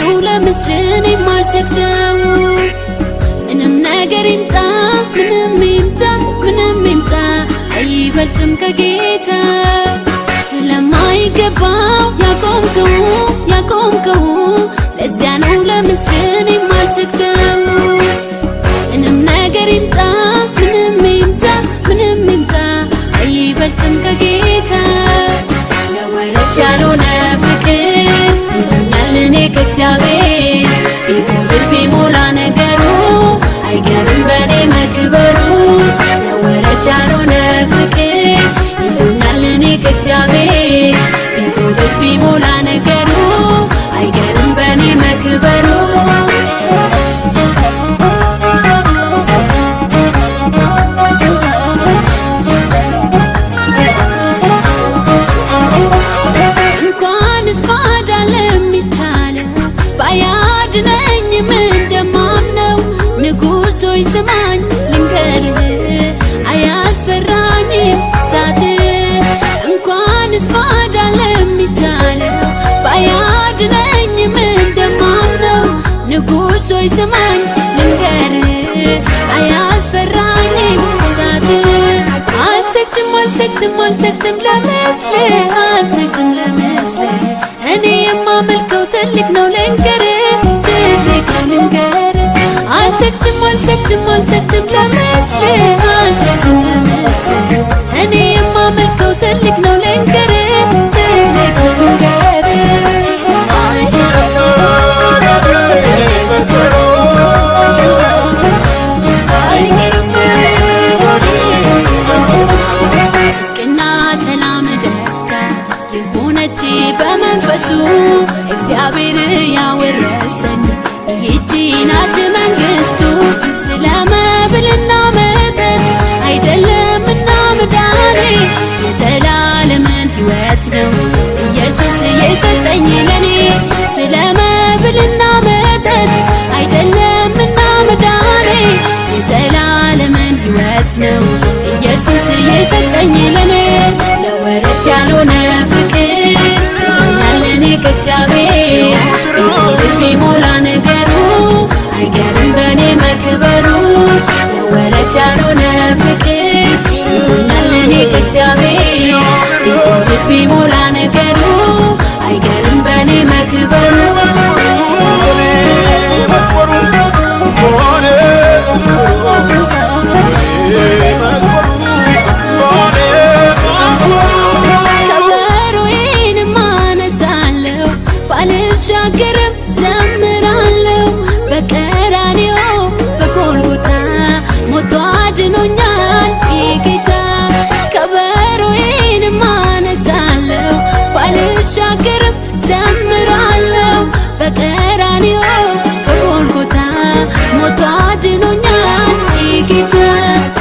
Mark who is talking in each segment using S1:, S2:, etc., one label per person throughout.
S1: ነው ለምስልን የማልሰግደው። ምንም ነገር ይምጣ ምንም ይምጣ ምንም ይምጣ አይበልጥም ከጌታ ስለማይገባው ያቆምከው ያቆምከው ለዚያ ነው ለምስል ልጆች ስማኝ ልንገርህ አያስፈራኝም ሳት እንኳን እስፋዳ ለሚቻለው ባያድነኝም እንደማምነው ንጉሥ ሆይ ስማኝ አልሰግድም አልሰግድም አልሰግድም ለምስል አልሰግድም ለምስል እኔ አልሰግድም ለምስል አልሰግድም ለምስል እኔ የማመልከው ትልቅ ነው ልንገር ሰላም ደስታ የሆነች በመንፈሱ እግዚአብሔር ያወረሰኝ ይህቺ ናት ከእግዚአብሔር ቢሞላ ነገሩ አይገርም በእኔ መክበሩ የወረት ፍቅር ይዘኛል እኔ ከእግዚአብሔር ቢሞላ ነገሩ እዘምራለሁ በቀራንዮ በጎልጎታ ሞቶ አድኖኛል ጌታ።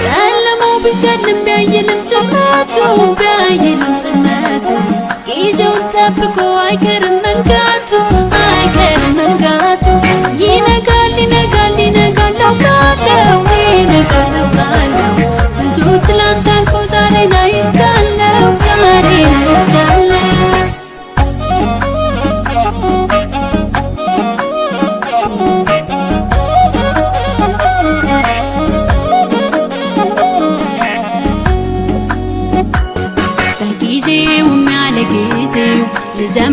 S1: ጨለማው ቢጨልም ቢያይልም ጽናቱ ቢያይልም ጽናቱ ጊዜውን ጠብቆ አይቀርም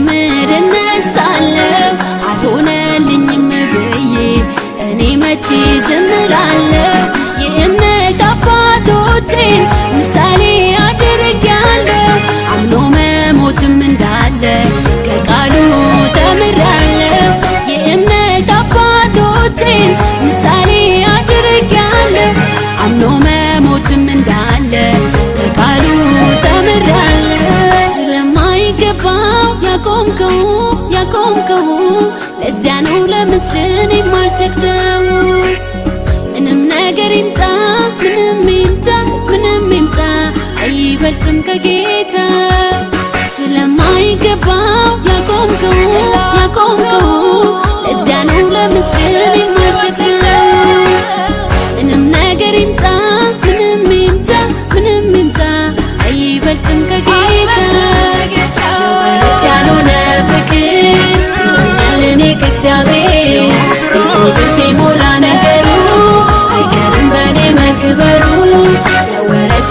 S1: ስዘምር እነሳለሁ አልሆነልኝም ብዬ እኔ መቼ ዘምራለሁ የእምነት አባቶቼን ለዚያ ነው ለምስልን የማልሰግደው። ምንም ነገር ይምጣ ምንም ይምጣ ምንም ይምጣ አይበልጥም ከጌታ ስለማይገባው ያቆምከው ያቆምከው ለዚያ ነው ለምስልን የማልሰግደው። ምንም ነገር ይምጣ ምንም ይምጣ ምንም ይምጣ አይበልጥም ከጌታ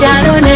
S1: I don't know.